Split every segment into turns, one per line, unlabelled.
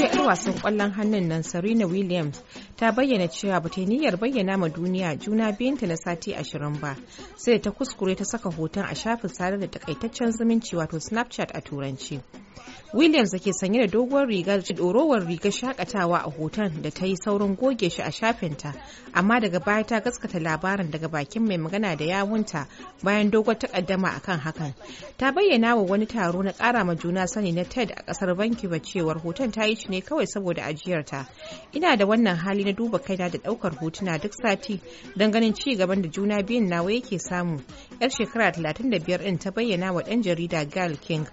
Fitacciyar 'yar
wasan kwallon hannun nan Serena Williams ta bayyana cewa ba ta niyyar bayyana ma duniya juna biyunta na sati ashirin ba, sai ta kuskure ta saka hoton a shafin sadar da takaitaccen zumunci wato Snapchat a turanci. williams da ke sanye da doguwar rigar rigar shakatawa a hoton da ta yi saurin goge shi a shafinta amma daga baya ta gaskata labarin daga bakin mai magana da yawunta bayan dogon takaddama kan hakan ta bayyana wa wani taro na ƙara ma juna sani na ted a ƙasar banki ba cewar hoton ta yi shi ne kawai saboda ajiyarta ina da wannan hali na duba kaina da ɗaukar hotuna duk sati don ganin ci gaban da juna biyun nawa yake samu yar shekara 35 ɗin ta bayyana wa ɗan jarida gal king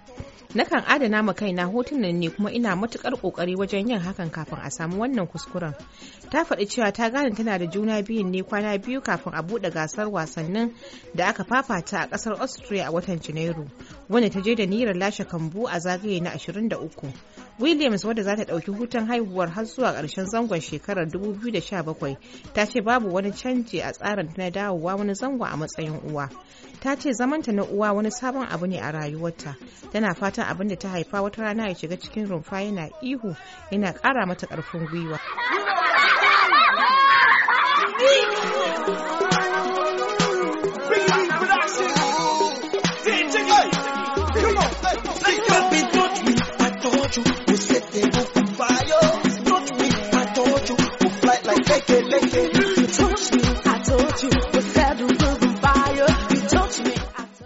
Nakan adana ma kaina hotunan ne kuma ina matukar kokari wajen yin hakan kafin a samu wannan kuskuren. Ta faɗi cewa ta gane tana da juna biyun ne kwana biyu kafin a buɗe gasar wasannin da aka fafata a ƙasar Austria a watan Janairu, wanda ta je da niyyar lashe kambu a zagaye na 23. Williams wadda za ta ɗauki hutun haihuwar har zuwa ƙarshen zangon shekarar 2017 ta ce babu wani canji a tsarin na dawowa wani zango a matsayin uwa. Ta ce zamanta na uwa wani sabon abu ne a rayuwarta. Tana fatan abin da ta haifa wata rana ya shiga cikin rumfa yana ihu yana ƙara mata ƙarfin gwiwa.
like it.